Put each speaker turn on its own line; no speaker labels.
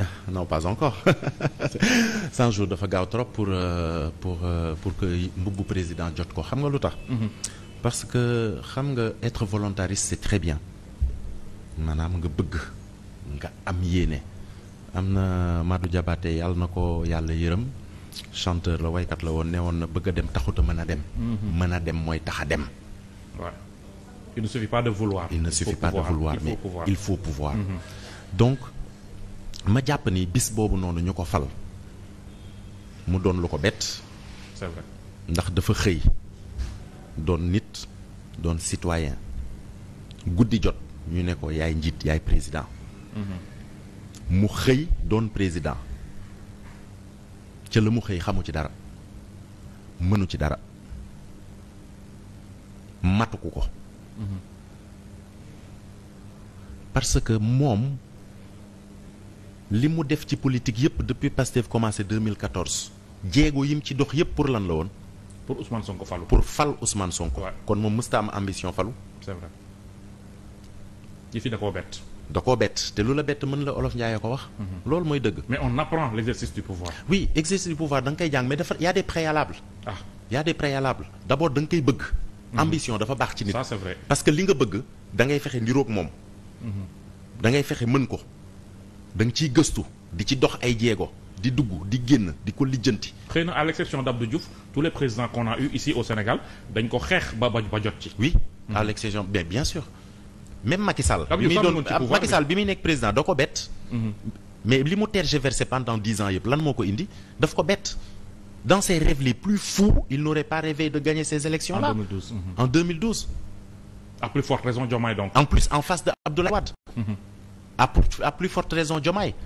Ah, non pas encore san jour dafa gaaw trop pour euh, pour euh, pour que mbubbu président jot ko xam nga lu tax. Mhm. parce que xam nga être volontariste c'est très bien maanaam nga bëgg nga am yéene am na Madou Diabaté yàlla na ko yàlla yërëm chanteur la waykat la woon ne woon na bëgga dem taxut a mën a dem. Mhm. mën a dem mooy tax a dem. il ne suffit pas de vouloir. il faut pouvoir. Mhm. donc. ma jàpp ni bis boobu noonu ñu ko fal mu doon lu ko bett. ndax dafa xëy doon nit doon citoyen guddi jot ñu ne ko yaay njiit yaay président. Mm-hmm. mu xëy doon président ca la mu xëy xamu ci dara mënu ci dara matuku ko. Mm-hmm. parce que moom. li mu def ci politique yëpp depuis Pastef commencé 2014 jéego yim ci dox yëpp pour lan la woon. pour Ousmane Sonko falu. pour fal Ousmane Sonko. kon moom mësta am ambition falu. c'est vrai fi da koo bett. da koo bett te lu la bett mën la olof Ndiaye ko wax. Mhm. loolu mooy dëgg. mais on apprend l'exercice du pouvoir. oui exercice du pouvoir da nga koy jàng mais dafa y a des préalables. ah y a des préalables d'abord da nga koy bëgg. Mhm. ambition dafa baax ci nit. ça parce que li nga bëgg da ngay fexe niroog moom. Mhm. da ngay fexe mën ko. da nga ciy gëstu di ci dox ay jéego di dugg di génn di ko lijjanti. xëy na à l'exception d'Abdou Diouf tous les présidents qu'on a eu ici au Sénégal dañ ko xeex ba ba jot ci. oui à l'exception bien bien même Macky Sall. bi muy doon Macky Sall bi muy nekk président da ko bett. Mhm. mais li mu tergiversé pendant dix ans yëpp lan moo ko indi daf ko bett. dans ses rêves les plus fous il n'aurait pas rêvé de gagner ces élections là en 2012 mhm. en 2012. à plus forte raison Diomaye donc. en plus à pour plus forte raison Diomaye